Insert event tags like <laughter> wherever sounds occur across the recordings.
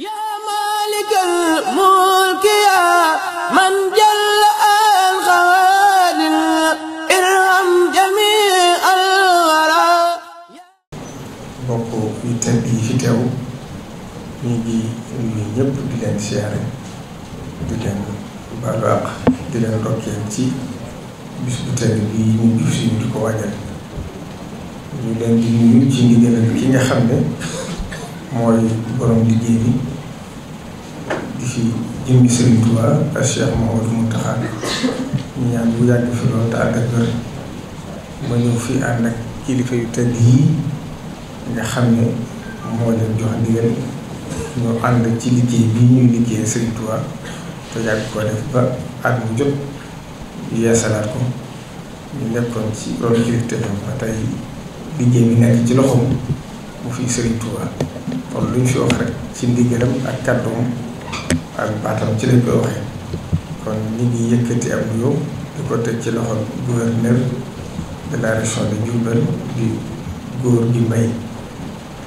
yaa maalikal mulki yaa man jalla al xawaadir irham jamii al yu tedd yi fi teew ñu ngi nuyu ñëpp di leen siyaare di leen baalu àq di leen ndokkeel ci bis tedd bi ñu gis ñu di ko waajal ñu leen di nuyu ci ndigalal ki nga xam ne mooy borom liggéey bi di fi jëmmi Serigne Touba ak Cheikh Mouhamadou Mountakha ñu ñaan bu yàgg fi loolu te ànd ak wér ma ñëw fii ànd ak kilifa yu tedd yii nga xam ne moo leen jox ndigal ñu ànd ci liggéey bi ñuy liggéey Serigne Touba te yàgg ko def ba at mu jot yeesalaat ko ñu nekkoon ci loolu kilifa ba tey liggéey bi nekk ci loxoom. bu fi Serigne Touba kon lu ñu fi wax rek ci ndigalam ak kàddoom ak baatam ci lañ koy waxee kon ñi ngi yëkkati am nuyoo di ko teg ci loxo gouverneur de la région de Diourbel di góor gi mbay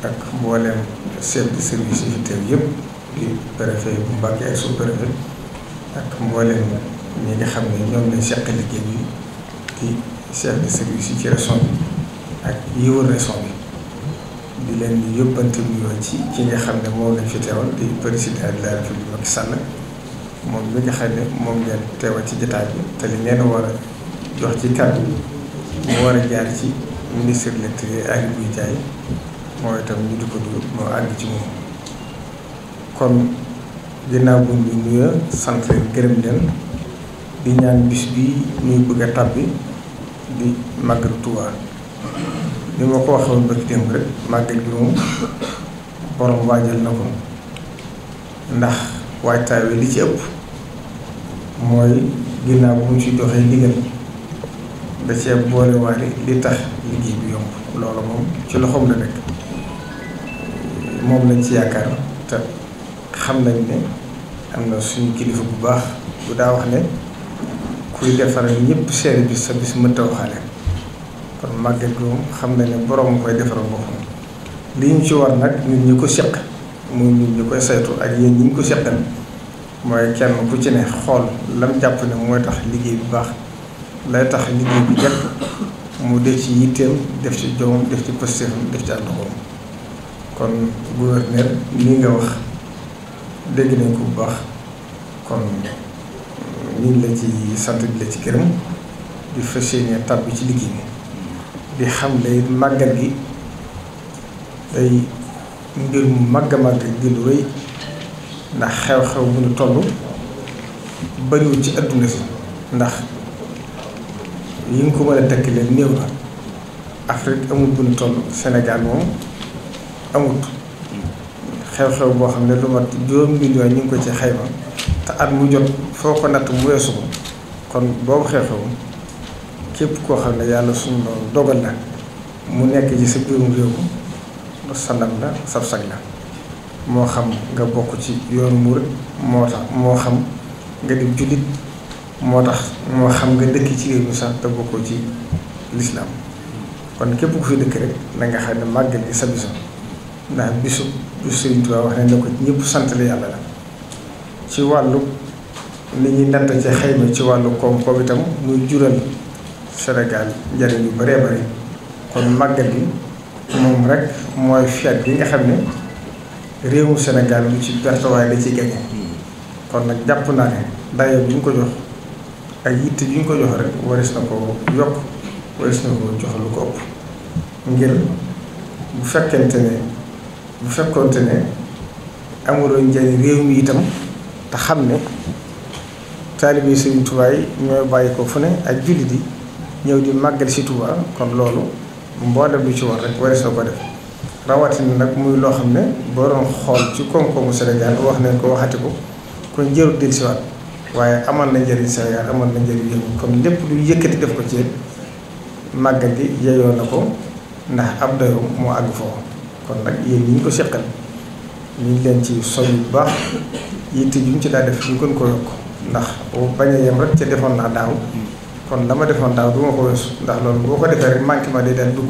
ak mboolem chef de service yi fi teew yëpp di préfet bu Mbacké ak sous-préfet ak mboolem ñi nga xam ne ñoom lañ seq liggéey bi di chef de service yi ci région bi ak yi wër région bi di leen di yóbbante nuyoo ci ci nga xam ne moom lañ fi teewal di président de la république Macky Sall moom mi nga xam ne moom ngeen teewal ci jotaay bi te li ngeen war a jox ci kàddu mu war a jaar ci ministre de l'Intérieur Aly Ngouille Ndiaye itam ñu di ko du moo àgg ci moom kon ginnaaw bu ñu nuyoo sant leen gërëm leen di ñaan bis bi ñuy bëgg a tàbbi di Màggal Tuubaa li ma ko waxee woon bëgg démb rek màggal gi moom borom waajal na ko ndax waajtaay wi li ci ëpp mooy ginnaaw bu mu ci doxee ndigal da cee boole waale li tax liggéey bi yomb loolu moom ci loxoom la nekk moom lañ ci yaakaar te xam nañ ni am na suñu kilifa bu baax bu daa wax ne kuy defaral ñëpp seen bi sa bis mënta waxaale kon màggal gu xam na ne borom koy defaral boppam li ñu ci war nag nit ñi ko seq mu nit ñi koy saytu ak yéen ñi ñu ko seqal mooy kenn bu ci ne xool lam jàpp ne mooy tax liggéey bu baax lay tax liggéey bu jekk mu def ci yitteem def ci jomam def ci pëstéefam def ci ak doxoom kon gouverneur lii nga wax dégg nañ ko bu baax kon ñu ngi la ci sant di la ci gërëm di fas yéene tàbbi ci liggéey bi di xam lay màggal gi day mbir mu màgg a màgg lu rëy ndax xew-xew bu ñu toll bariwul ci adduna si ndax yi nga ko mën a takk leen néew Afrique amul bu ñu toll Sénégal moom amut xew-xew boo xam ne lu mat juróom million ñu ngi ko ci xayma te at mu jot foo ko natt mu weesu ko kon boobu xew-xew képp koo xam ne yàlla suñu dogal la mu nekk ci sa biirum réew mi sa la sab sag la moo xam nga bokk ci yoonu murit moo tax moo xam nga di jullit moo tax moo xam nga dëkk ci réew mi sax te bokkoo ci lislaam kon képp ku rek na nga xam ne màggal gi sa bisu ndax bisu bu Sëriñ Tuubaa wax ne ne ko ñépp sant la yàlla la ci wàllu li ñuy natt ci xayma ci wàllu koom-koom itam muy jural senegal njëriñ yu bëree bëri kon màggal gi moom rek mooy feet bi nga xam ne réewum Sénégal lu ci perte waaye da ciy gañe kon nag jàpp naa ne dayo bi ñu ko jox ak yitte bi ñu ko jox rek waris na ko yokk waris na ko jox lu ko ëpp ngir bu fekkente ne bu fekkonte ne amuloo njëriñ réew mi itam te xam ne taalibe Sëriñ Tuubaa ñooy bàyyi ko fu ne ak jullit yi ñëw di màggal si Touba kon loolu mboolem lu ci war rek waris na ko def rawatina nag muy loo xam ne boo doon xool ci koom-koomu Sénégal wax nañ ko waxati ko ko jëru del siwaat waaye amal na njëriñ Sénégal amal na njëriñ yëpp comme lépp lu yëkkati def ko ci màggal gi yeyoo na ko ndax ab doyo moo àgg foofu kon nag yéen ñi ñu ko seqal ñu ngi leen ci soñ bu baax yitte ju ci daa def ñu kon ko yokk ndax bañ a yem rek ca defoon naa daaw kon la ma defoon daaw du ma ko weesu ndax loolu boo ko defee rek manqué ma day daal dugg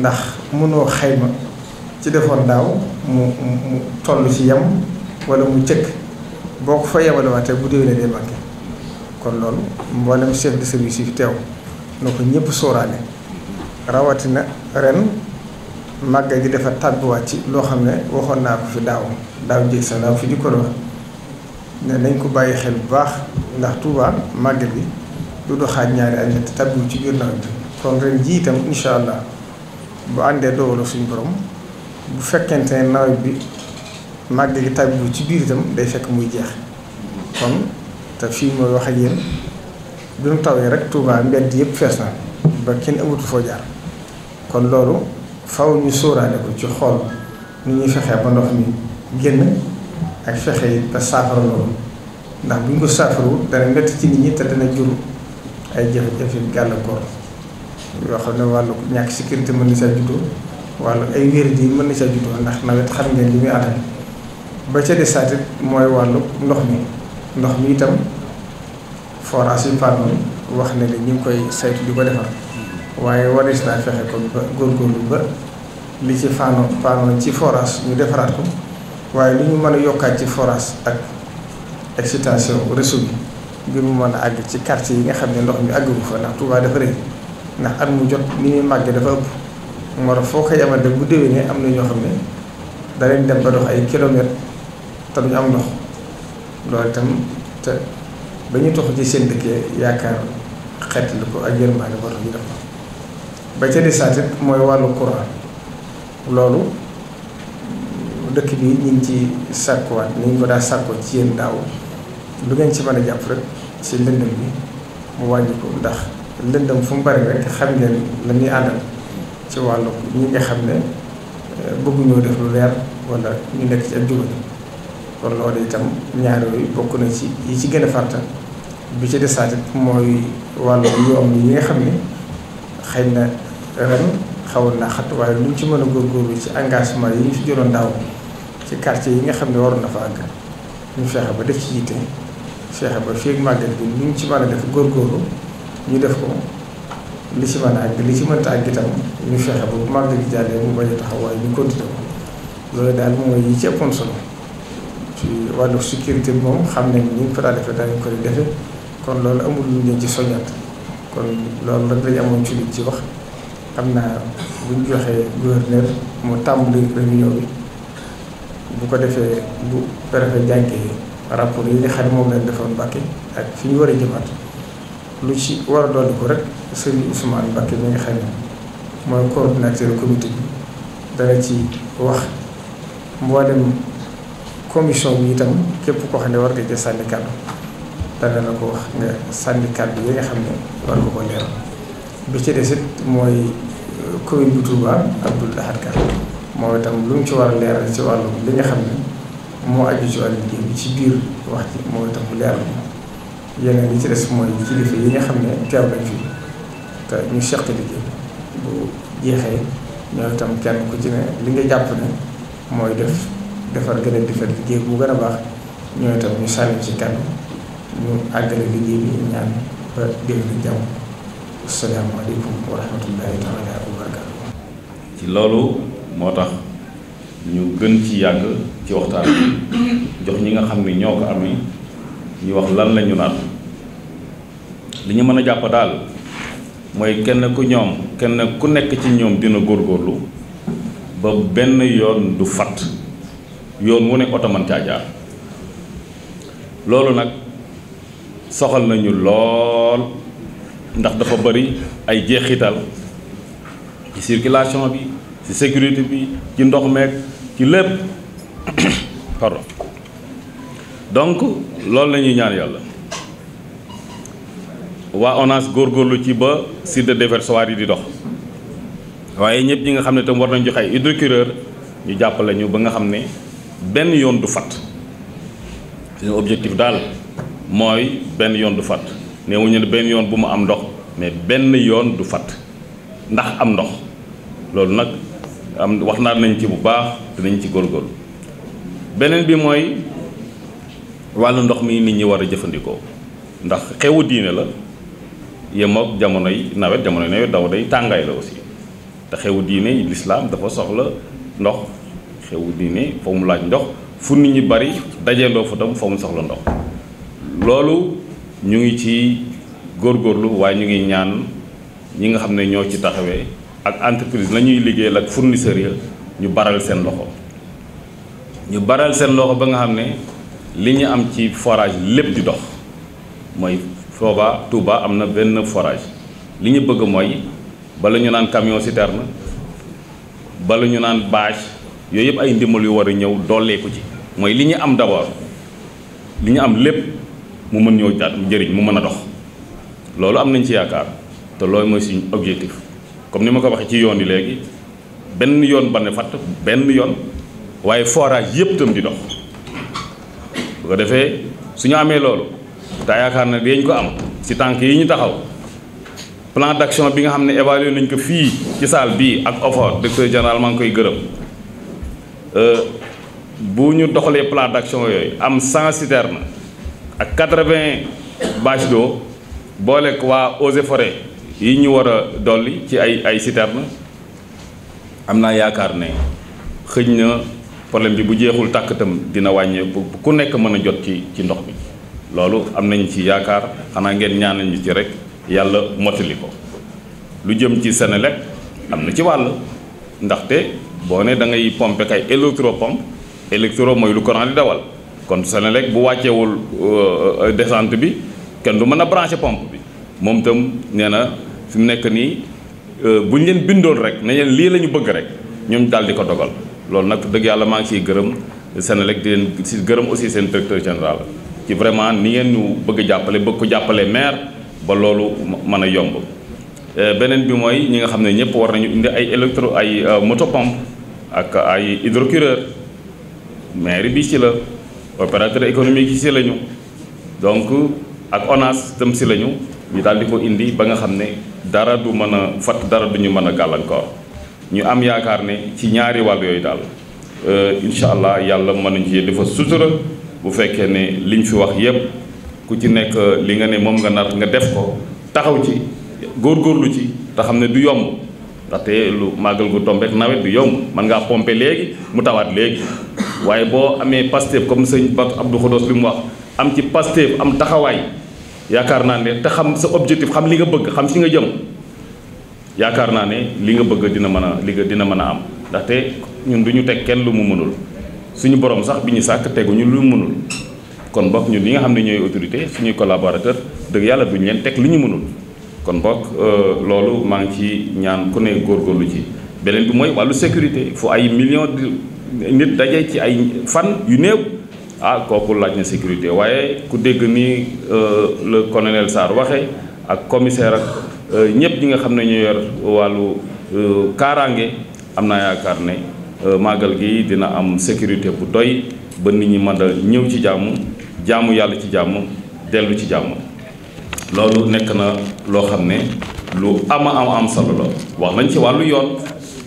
ndax mënoo xayma ci defoon daaw mu mu toll ci yem wala mu cëkk boo ko fa yemalewaatee bu déwénee day manqué kon loolu mboolem chef di service yi fi teew na ko ñëpp sóoraale rawatina ren màggal gi dafa tàgguwaat ci loo xam ne waxoon naa ko fi daaw daaw jéeg sax daaw fi jikko la ne nañ ko bàyyi xel bu baax ndax Tuubaa màgget bi du doxaat ñaari at ñett tàbbiwu ci biir nawet bi kon ren jii itam incha allah bu àndee dogaloo suñu borom bu fekkente ne nawet bi màgg gi tàbbiwu ci biir itam day fekk muy jeex kon te fii mooy wax ak yéen bi mu tawee rek Touba mbedd yëpp fees na ba kenn amatul foo jaar kon loolu faw ñu sóoraale ko ci xool nu ñuy fexee ba ndox mi génn ak fexe ba saafara loolu ndax bu ñu ko saafarawut dana metti ci nit ñi te dana juru ay jafe-jafe gàllankoor yoo xam ne wàllu ñàkk sécurité mën na saa juddoo wàllu ay wér di mën na saa juddoo ndax nawet xam ngeen li muy àndal ba ca desaat mooy wàllu ndox mi ndox mi itam forage yu fànnoon wax ne ne ñu ngi koy saytu di ko defar waaye waris naa fexe ko ba góorgóorlu ba li ci fànnoon fànnoon ci forage ñu defaraat ko waaye li ñu mën a yokkaat ci forage ak excitation réseau bi ngir mu mën a àgg ci quartier yi nga xam ne ndox mi àggu fa ndax Touba dafa réer ndax at mu jot ni muy màggee dafa ëpp moo tax foo ko yamal de bu déwénee am na ñoo xam ne danañ dem ba ay kilomètres te am ndox loolu itam te ba ñu tox ci seen dëkkee yaakaar xet lu ko ak yërmaane boo tax ñu def ba ca desaat it mooy wàllu courant loolu dëkk bi ñu ngi ci sàkkuwaat ni ñu ko daa sàkkoo ci yéen daaw lu ngeen ci mën a jàpp rek ci lëndëm bi mu wàññi ndax lëndëm fu mu bari rek xam ngeen la ñuy àndal ci wàllu ñi nga xam ne euh, bëgguñoo def lu leer walla ñu nekk ci ak jubal kon loolu itam ñaar bokk na ci yi ci gën a fàrta bi ci desaatit mooy wàllu yoon yi nga xam ne xëy na ren xawoon naa xat waaye luñ ci mën a góorgóorlu ci engagement yi ñu fi jëloon daaw ci quartier yi nga xam ne waroon dafa àgg ñu fexe ba def ci yitte. fexe ba fii ak màggal bi ñu ngi ci man a def góorgóorlu ñu def ko li ci mën a àgg li ci mënta àgg itam ñu fexe ba bu màggal gi jàllee mu bañ taxawaay taxaw ñu continué ko loolu daal moom mooy yi ci ëppoon solo ci bi moom xam nañ ni ñu ko defee daañu ko di kon loolu amul lu ñu ci soññat kon loolu rek dañ amoon ci liñ ci wax xam naa bu ñu joxee gouverneur mu tàmbali réunion bi bu ko defee bu préfet yi rapport yi nga xam ne moom lañ defoon Mbàkke ak fi ñu war a jëmaat lu ci war a dolli ko rek sëriñ Ousmane Mbàkke mi nga xam ne mooy coordinateur comité bi dana wax mboolem commission bi itam képp koo xam ne war nga jël sànni ko wax nga sànni kàddu yi nga xam ne war nga ko leeral bi ci des it mooy euh, commune bu Touba Abdoul Ahad Ka moo itam lu mu ci war a leeral ci wàllu li nga xam ne moo aju ci wàllu liggéey bi ci biir wax ji moo tax mu leer bi yeneen yi ci des mooy kilifa yi nga xam ne teew nañ fi te ñu seq liggéey bu jeexee ñoo itam kenn ku ci ne li nga jàpp ne mooy def defar gën a defar liggéey mu gën a baax ñoo itam ñu sànni ci kenn ñu àggale liggéey bi ñaan ba dégg na jàmm asalaamaaleykum wa rahmatullahi taala wa barakaatu ci loolu moo tax ñu gën ci yàgg ci waxtaan jox ñi nga xam ne ñoo ko amee ñu wax lan lañu naan li ñu mën a jàpp daal mooy kenn ku ñoom kenn ku nekk ci ñoom dina góorlu ba benn yoon du fat yoon wu ne oto mën caa jaar loolu nag soxal nañu lool ndax dafa bari ay jeexital ci circulation bi ci sécurité bi ci ndox meek ci lépp <coughs> pardon donc loolu la ñaan yàlla waa góor góorgóorlu ci ba site de yi di dox waaye ñëpp ñi nga xam ne tam war nañ joxe ay hydrocureur ñu jàppale ñu ba nga xam ne benn yoon du fat suñu objectif daal mooy benn yoon du fat neewuñu ne benn yoon bu mu am ndox mais benn yoon du fat ndax am ndox loolu nag am wax naa nañ ci bu baax dinañ ci góor góorgóorlu beneen bi mooy wàllu ndox mi nit ñi war a jëfandikoo ndax xewu diine la yem ak jamonoy nawet jamonoy nawet daw day tàngaay la aussi te xewu diine lislaam dafa soxla ndox xewu diine fa mu laaj ndox fu nit ñi bari dajeendoo fa tam fa mu soxla ndox loolu ñu ngi ci góor góorlu waaye ñu ngi ñaan ñi nga xam ne ñoo ci taxawee ak entreprise la ñuy liggéeyal ak fournisseurs ya ñu baral seen loxo ñu baral seen loxo ba nga xam ne li ñu am ci forage lépp di dox mooy fooba Touba am na benn forage li ñu bëgg mooy bala ñu naan camion citerne bala ñu naan bâche yooyu yëpp ay ndimbal yu war a ñëw dooleeku ci mooy li ñu am d'abord li ñu am lépp mu mën ñëw daal jëriñ mu mën a dox loolu am nañ ci yaakaar te loolu mooy suñu objectif comme ni ma ko waxee ci yoon yi léegi benn yoon ba ne fatt benn yoon waaye forage yëpp tam di dox bu ko defee su ñu amee loolu te yaakaar na dañ ko am ci tànk yi ñu taxaw plan d'action bi nga xam ne évalué nañ ko fii ci salle bii ak OFOR directeur général maa ngi koy gërëm euh, bu ñu doxalee plan d'action yooyu am 100 citernes ak 80 bâche d'eau boole waa eaux forêt yi ñu war a dolli ci ay ay citernes am naa yaakaar ne xëñ na problème bi bu jeexul tàkk tam dina wàññee bu ku nekk mën a jot ci ci ndox mi loolu am nañ ci yaakaar xanaa ngeen ñaanal ñu ci rek yàlla mottali ko lu jëm ci Senelec am na ci wàll ndaxte boo ne da ngay pompe kay électropompe électro mooy lu courant di dawal kon Senelec bu wàcceewul euh, descente bi kenn du mën a branché pompe bi moom itam nee na fi mu nekk nii Euh, bu ñu leen bindoon rek ne leen lii la ñu bëgg rek ñoom daal di ko dogal loolu nag dëgg yàlla maa ngi ciy gërëm seen di leen gërëm aussi seen directeur général ci vraiment ni ngeen ñu bëgg jàppale bëgg ko jàppale maire ba loolu mën a yomb euh, beneen bi mooy ñi nga xam ne ñëpp war nañu indi ay électro ay euh, motopompe ak ay hydrocureur maire bi ci la opérateur économique yi si lañu donc ak ONAS tam si lañu ñu daal di ko indi ba nga xam ne dara du mën a fatt dara du ñu mën a gàllankoor ñu am yaakaar ne ci ñaari wàll yooyu daal euh, incha allah yàlla mën nañu ci dafa sutura bu fekkee ne liñ fi wax yépp ku ci nekk euh, li nga ne moom nga nar nga def ko taxaw ci góor góorlu ci te xam ne du yomb ndaxte lu màggal gu tombeek nawet du yomb mën ngaa pomper léegi mu tawaat léegi waaye boo amee Pastef comme sëñ Bat Abdou Khodos li mu wax am ci Pastef am taxawaay yaakaar naa ne te xam sa objectif xam li nga bëgg xam si nga jëm yaakaar naa ne li nga bëgg dina mën a li nga dina mën a am ndaxte ñun du ñu teg kenn lu mu mënul suñu borom sax bi ñu sàkk teguñu lu mu mënul kon bokk ñun yi nga xam ne ñooy autorité suñuy collaborateur dëgg yàlla duñu leen teg lu ñu mënul kon bokk euh, loolu maa ngi ci ñaan ku ne góorgóorlu ci beneen bi mooy wàllu sécurité il ay millions de nit daje ci ay fan yu néew ah kooku laaj na sécurité waaye ku dégg ni euh, le colonel Sarr waxee ak commissaire ak euh, ñëpp ñi nga xam ne ñu yor wàllu euh, kaaraange am naa yaakaar ne màggal gi dina am sécurité bu doy ba nit ñi mën a ñëw ci jàmm jaamu yàlla ci jàmm dellu ci jàmm loolu nekk na loo xam ne lu ama am am solo wax nañ ci wàllu yoon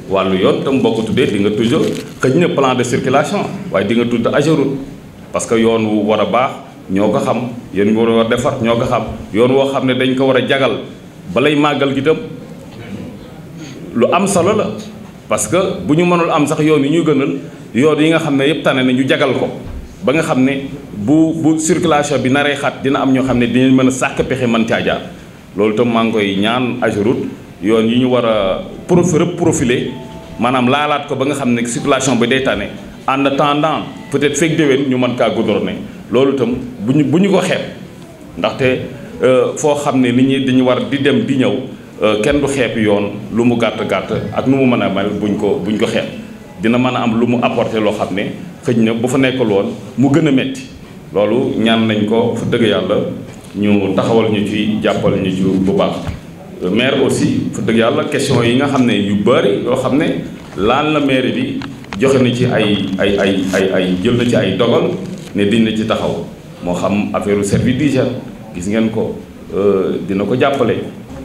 wàllu yoon tam boo ko tuddee di nga toujours xëj na plan de circulation waaye di nga tudd Ageroute parce que yoon wu war a baax ñoo ko xam yéen war a defar ñoo ko yoon woo xam ne dañ ko war a jagal balay màggal gi tam lu am solo la parce que bu ñu mënul am sax yoon yi ñuy gënal yoon yi nga xam ne yëpp tane na ñu jagal ko ba nga xam ne bu bu circulation bi naree xat dina am ñoo xam ne dinañ mën a sàkk pexe mën caa jaar loolu tam maa ngi koy ñaan Ageroute yoon yi ñu war a profi reprofiler maanaam laalaat ko ba nga xam ne circulation bi day tane en attendant peut-être fekk déwén ñu mën kaa gouverner loolu tam bu ñu bu ñu ko xeeb ndaxte euh, foo xam ne nit ñi dañu war di dem di ñëw euh, kenn du xeeb yoon lu mu gàtt gàtt ak nu mu mën a mel buñ ko buñ ko xeeb dina mën a am lu mu apporter loo xam ne xëj na bu fa nekkul woon mu gën a metti loolu ñaan nañ ko fa dëgg yàlla ñu taxawal ñu ci jàppal ñu ci bu baax euh, maire aussi fa dëgg yàlla question yi nga xam ne yu bëri yoo xam ne laal na maire bi joxe na ci ay ay ay ay ay jël na ci ay dogal ne dina ci taxaw moo xam affaire service d'hygiène gis ngeen ko euh, dina ko jàppale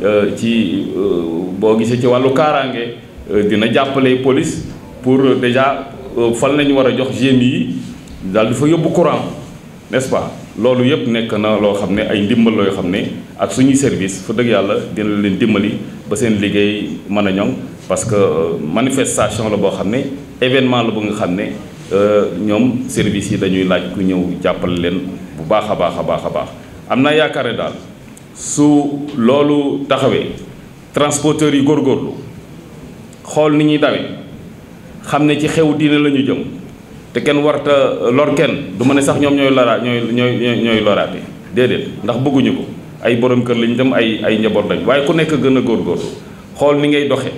euh, ci euh, boo gisee ci wàllu kaaraange dina jàppale police pour déjà fal nañu war a jox GMI yi daal di fa yóbbu courant n'est-ce pas loolu yëpp nekk na loo xam ne ay ndimbal loo xam ne ak suñuy service fa dëgg yàlla dina leen dimbali ba seen liggéey mën a ñoŋ parce que euh, manifestation la boo xam ne événement la bu nga xam ne euh, ñoom service yi dañuy laaj ku ñëw jàppale leen bu baax a baax a baax a baax am naa yaakaar ne daal su loolu taxawee transporteurs yi góorgóorlu xool ni ñuy dawee xam ne ci xew diine la ñu jëm te kenn warta lor kenn du ma ne sax ñoom ñooy loraa ñooy ñooy ñooy loraate déedéet ndax bëgguñu ko ay borom kër lañ dem ay ay njaboot lañ waaye ku nekk gën a góorgóorlu xool ni ngay doxee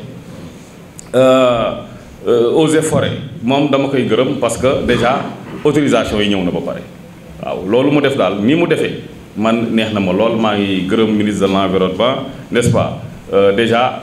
Euh, euh, eaux et forêts moom dama koy gërëm parce que déjà autorisation yi ñëw na ba pare waaw loolu mu def daal ni mu defee man neex na ma lool maa ngi gërëm ministre de l'environnement n'est-ce pas euh, déjà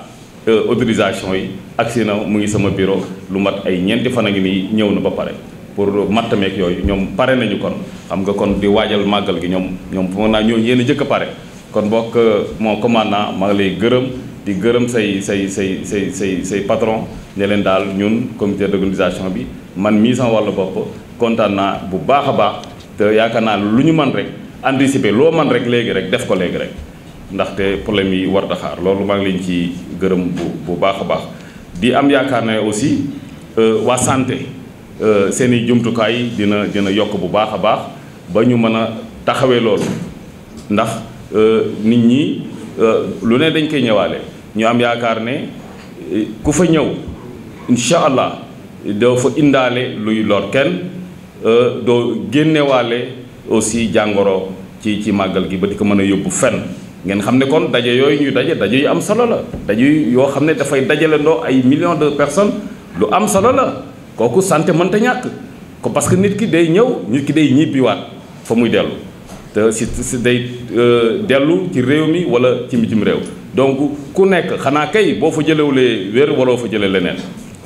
autorisation yi agsi na mu ngi sama bureau lu mat ay ñeenti fan a ngi nii ñëw na ba pare pour meek yooyu ñoom pare nañu kon xam nga kon di waajal màggal gi ñoom ñoom foog naa ñoo yéen a jëkk a pare kon bokk moo commandant maa ngi lay gërëm di gërëm say say say say say say patron ne leen daal ñun comité d'organisation bi man mii sama wàllu bopp kontaan naa bu baax a baax te yaakaar naa lu ñu man rek anticiper loo man rek léegi rek def ko léegi rek ndaxte problème yi war daxaar loolu maa ngi leen ci gërëm bu baax a baax di am yaakaar na ne aussi euh, waa santé euh, seen i jumtukaay dina dina yokk bu baax a baax ba ñu mën a taxawee loolu ndax euh, nit ñi lu ne dañ koy ñëwaale ñu am yaakaar ne ku fa ñëw incha allah doo fa indaale luy lor kenn euh, doo génnewaale aussi jàngoro ci ci màggal gi ba di ko mën a yóbbu fenn ngeen xam ne kon daje yooyu ñuy daje daje yu am solo la daje yoo xam ne dafay dajale ndoo ay millions de personnes lu am solo la kooku santé mënta ñàkk ko parce que nit ki day ñëw nit ki day ñibbiwaat fa muy dellu te si si day euh, dellu ci réew mi wala ci bitim réew donc ku nekk xanaa kay boo fa jëlewulee wér waroo fa jële leneen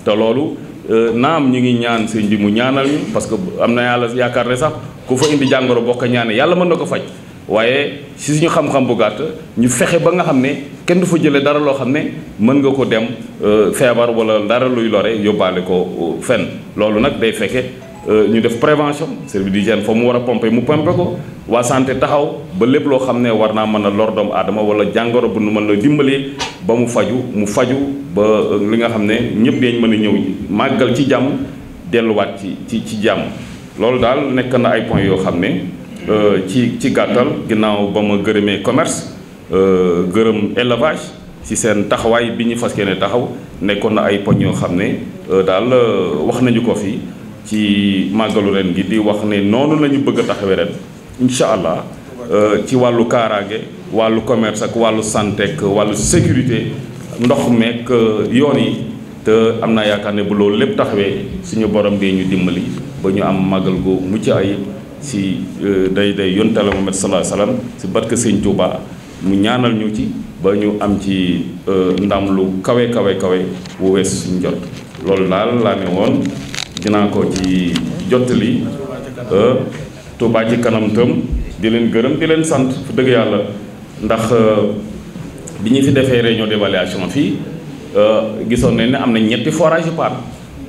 te loolu euh, naam ñu ngi ñaan sëñ bi mu ñaanal ñu parce que am na yàlla yaakaar ne sax ku fa indi jàngoro boo ko ñaanee yàlla mën na ko faj waaye si suñu xam-xam bu gàtt ñu fexe ba nga xam ne kenn du fa jëlee dara loo xam ne mën nga ko dem euh, feebar wala dara luy lore yóbbaale ko euh, fen loolu nag day fekke Euh, ñu def prévention service d'hygiène fa mu war a pomper mu pomper ko waa santé taxaw ba lépp loo xam ne war naa mën a lor doomu aadama wala jàngoro bu nu mën la dimbalee ba mu faju mu faju ba euh, li nga xam ne ñëpp dañ mën a ñëw màggal ci jàmm delluwaat ci ci ci jàmm. loolu daal nekk na ay points yoo xam ne euh, ci ci gàttal ginnaaw ba ma gërëmee commerce gërëm élevage ci seen taxawaay bi ñu fas yéene taxaw nekkoon na ay poñ yoo xam ne daal wax nañu ko fii. ci màggalu ren gi di wax ne noonu la ñu bëgg a taxawee ren incha allah euh, ci wàllu kaaraage wàllu commerce ak wàllu santé ak wàllu sécurité ndox meek euh, yoon yi te am naa yaakaar ne bu loolu lépp taxawee suñu borom dee ñu dimbali ba ñu am màggal gu mucc ay si euh, day day yonte la Muhammad sallallahu alayhi wasallam si barke Sëñ Tuubaa mu ñaanal ñu ci ba ñu am ci ndam lu kawe kawe kawe wu wees suñu jot loolu daal laa ne woon dinaa ko ci li euh, Touba ci kanam tam di leen gërëm di leen sant fu dëgg yàlla ndax euh, bi ñu fi defee réunion d'évaluation fii euh, gisoon nañ ne am na ñetti forage paan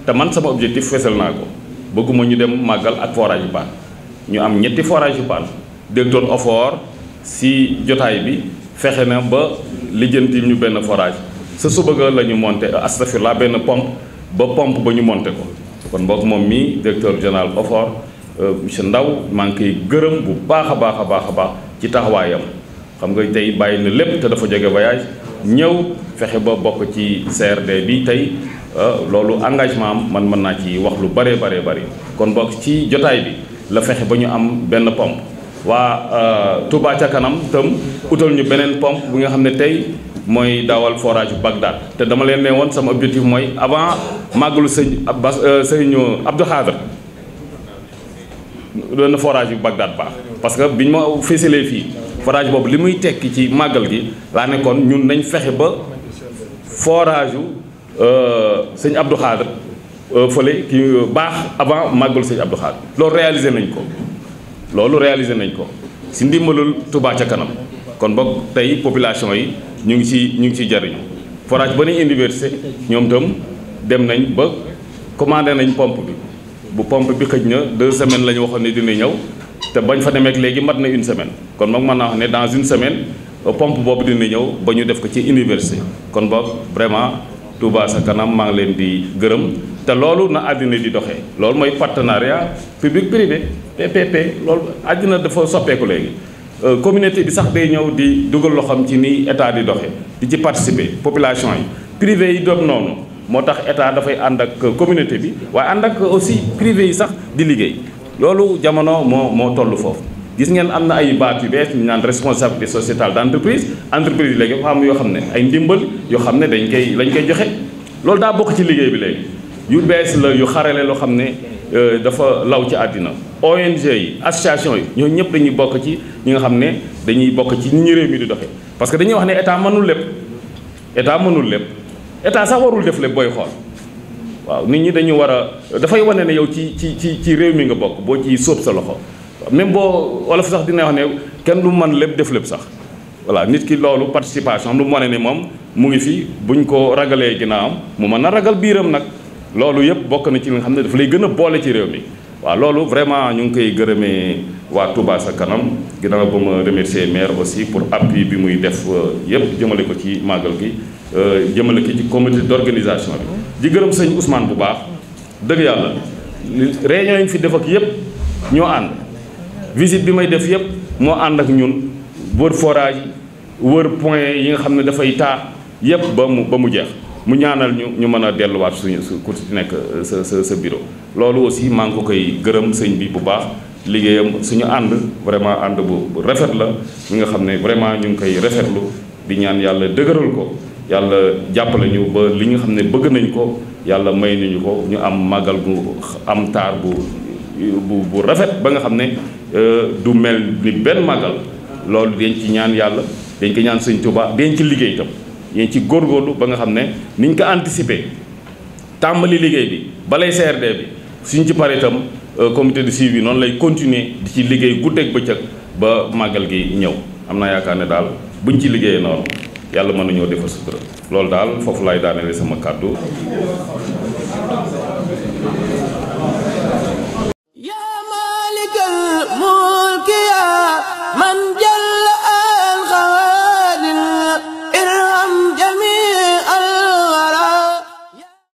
te man sama objectif fesal naa ko bëgguma ñu dem màggal ak forage yu paan ñu am ñetti forage yu paan directeur OFOR si jotaay bi fexe na ba lijjanti ñu benn forage sa suba ga la ñu monté astafurlah benn pompe ba pompe ba ñu monté ko kon mbokk moom mii directeur général OFOR euh, monsieur Ndaw maa ngi gërëm bu baax a baax a baax a baax ci taxawaayam xam nga tey bàyyi na lépp te dafa jege voyage ñëw fexe ba bokk ci CRD bi tey euh, loolu engagement am man mën naa ci wax lu bëree baree bëri kon bokk ci jotaay bi la fexe ba ñu am benn pompe waa euh, Touba ca kanam tam utal ñu beneen pompe bi nga xam ne tey mooy daawal forage bu Bagdad te dama leen ne woon sama objectif mooy avant màggalu sëñ Ba euh, sëñ Abdou Khadre doon na forage bu Bagdad baax parce que biñ ma fésalee fii forage boobu li muy tekki ci màggal gi laa nekkoon ñun nañ fexe ba forage yu euh, sëñ Abdou Khadre euh, fële ki baax avant màggalu sëñ Abdou Khadre loolu réaliser nañ ko loolu réaliser nañ ko si ndimbalul Touba ca kanam kon boog tey population yi. ñu ngi ci ñu ngi ciy jariñ forage ba nuy université ñoom itam dem nañ ba commander nañ pompe bi bu pompe bi xëj na deux semaine la ñu waxoon ne dina ñëw te bañ fa demee léegi mat na une semaine kon moom mën naa wax ne dans une semaine pompe boobu dina ñëw ba ñu def ko ci université kon boog vraiment Touba sa kanam maa ngi leen di gërëm te loolu na àddina di doxee loolu mooy partenariat public privé PPP loolu àddina dafa soppeeku léegi Euh, communauté bi sax day ñëw di dugal loxoom ci ni état di doxe di ci participer population yi privé yi doon noonu moo tax état dafay ànd ak communauté bi waaye ànd ak aussi privé yi sax di liggéey loolu jamono moo moo toll foofu gis ngeen am na ay baat yu bees ñu naan responsabilité sociétale d' entreprise entreprise yi léegi dafa yoo xam ne ay ndimbal yoo xam ne dañ koy lañ koy joxe loolu daa bokk ci liggéey bi léegi yu bees la yu xarale loo xam ne Euh, dafa law ci àddina ONG yi association yi ñoo ñëpp dañuy bokk ci ñi nga xam ne dañuy bokk ci ñi ñu réew mi di doxee parce que dañuy wax ne état mënul lépp état mënul lépp état sax warul def lépp booy xool waaw nit ñi dañu war a dafay wane ne yow ci ci ci ci réew mi nga bokk boo ci sóob sa loxo même boo olof sax dina wax ne kenn du mën lépp def lépp sax voilà nit ki loolu participation lu mu wane ne moom mu ngi fi buñ ko ragalee ginnaawam mu mën a ragal biiram nag loolu yëpp bokk na ci li nga xam ne dafa lay gën a boole ci réew mi waa loolu vraiment ñu ngi koy gërëmee waa Touba sa kanam gi ginnaaw ba ma remercier maire aussi pour appui bi muy def euh, yëpp jëmale ko ci màggal gi euh, jëmale ko ci comité d'organisation bi. di gërëm sëñ Ousmane bu baax dëgg yàlla réunion yi ñu fi def ak yëpp ñoo ànd visite bi may def yëpp moo ànd ak ñun wër forage wër point yi nga xam ne dafay taa yëpp ba mu ba mu jeex. mu ñaanal ñu ñu mën a delluwaat suñu ku ci nekk euh, sa sa sa biro loolu aussi maa ngi ko koy gërëm sëñ bi bu baax liggéeyam suñu ànd vraiment ànd bu rafet la mi nga xam ne vraiment ñu ngi koy rafetlu di ñaan yàlla dëgëral ko yàlla jàppale ñu li ñu xam ne bëgg nañ ko yàlla may nañu ko ñu am màggal gu am taar bu bu bu rafet ba nga xam ne euh, du mel ni benn màggal loolu dañ ñaan yàlla dañ ko ñaan sëñ Tuubaa dañ ci liggéey yéen ci góor góorgóorlu ba nga xam ne niñ ko anticiper tàmbali liggéey bi balay CRD bi suñ ci pare itam euh, comité de suivi bi noonu lay continuer di ci liggéey guddeeg bëccëg ba màggal gi ñëw am naa yaakaar ne daal buñ ci liggéeyee noonu yàlla mën na ñoo defal sutura loolu daal foofu laay daaneele sama kàddu